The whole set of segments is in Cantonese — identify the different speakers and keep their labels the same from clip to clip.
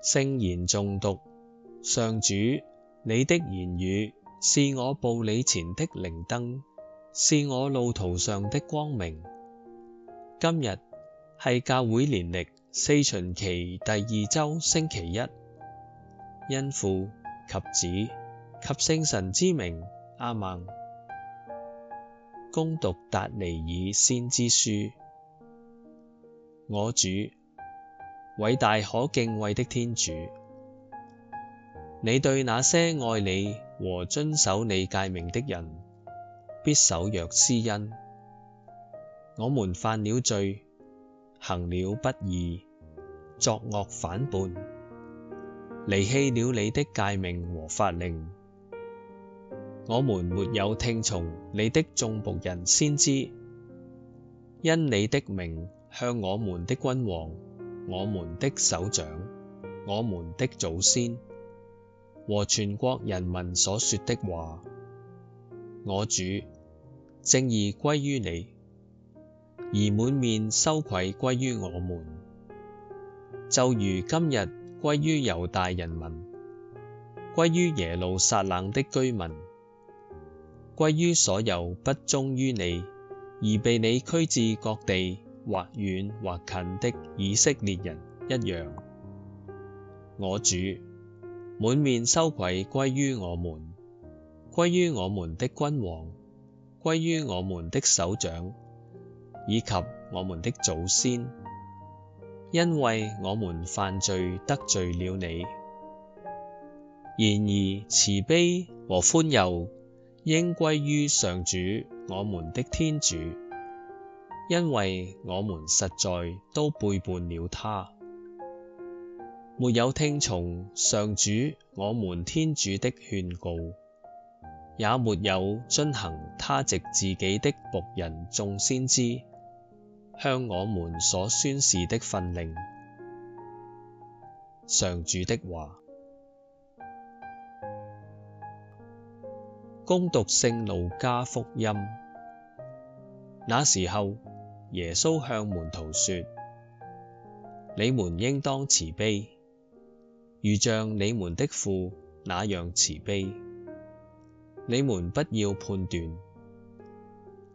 Speaker 1: 聖言誦讀，上主，你的言語是我步履前的靈燈，是我路途上的光明。今日係教會年曆四旬期第二周星期一，因父及子及聖神之名，阿孟，恭讀達尼爾先知書，我主。偉大可敬畏的天主，你對那些愛你和遵守你誡命的人，必守約施恩。我們犯了罪，行了不義，作惡反叛，離棄了你的誡命和法令。我們沒有聽從你的眾僕人先知，因你的名向我們的君王。我們的首長，我們的祖先，和全國人民所說的話，我主，正義歸於你，而滿面羞愧歸於我們，就如今日歸於猶大人民，歸於耶路撒冷的居民，歸於所有不忠於你而被你驅至各地，或遠或近的以色列人一樣，我主滿面羞愧歸於我們，歸於我們的君王，歸於我們的首長，以及我們的祖先，因為我們犯罪得罪了你。然而慈悲和寬宥應歸於上主我們的天主。因為我們實在都背叛了他，沒有聽從上主我們天主的勸告，也沒有遵行他藉自己的僕人眾先知，向我們所宣示的訓令。上主的話，恭讀《聖路加福音》。那時候。耶穌向門徒説：你們應當慈悲，如像你們的父那樣慈悲。你們不要判斷，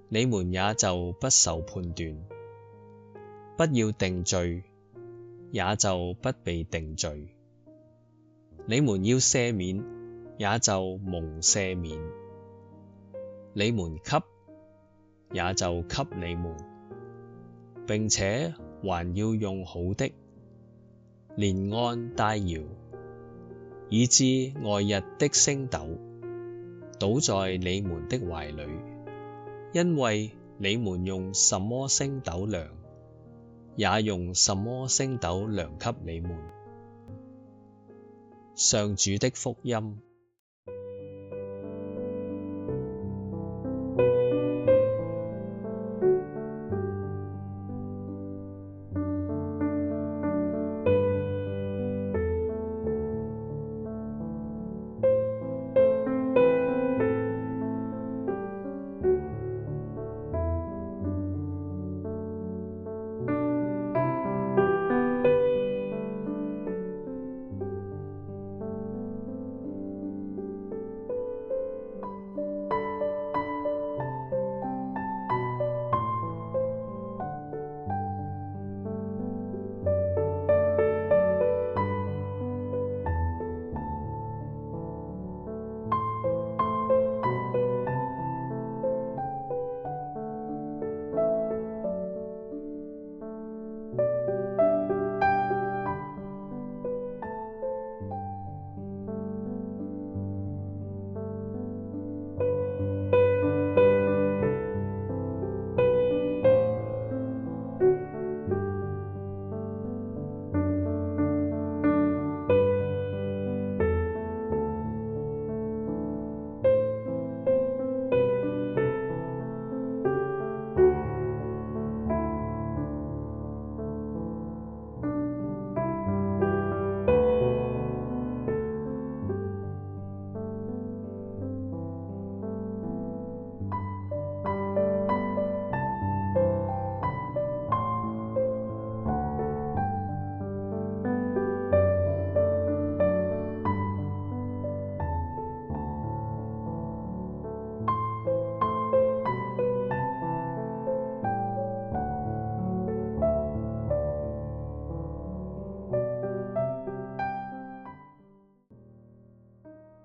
Speaker 1: 你們也就不受判斷；不要定罪，也就不被定罪。你們要赦免，也就蒙赦免；你們給，也就給你們。並且還要用好的，連按帶搖，以致外溢的升斗，倒在你們的懷裡，因為你們用什麼升斗量，也用什麼升斗量給你們。上主的福音。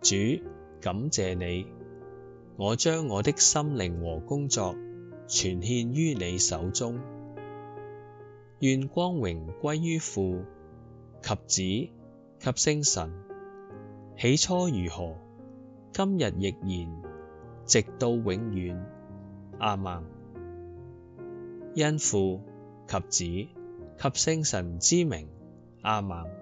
Speaker 1: 主，感謝你，我將我的心靈和工作全獻於你手中。願光榮歸於父及子及聖神，起初如何，今日亦然，直到永遠。阿們。因父及子及聖神之名。阿們。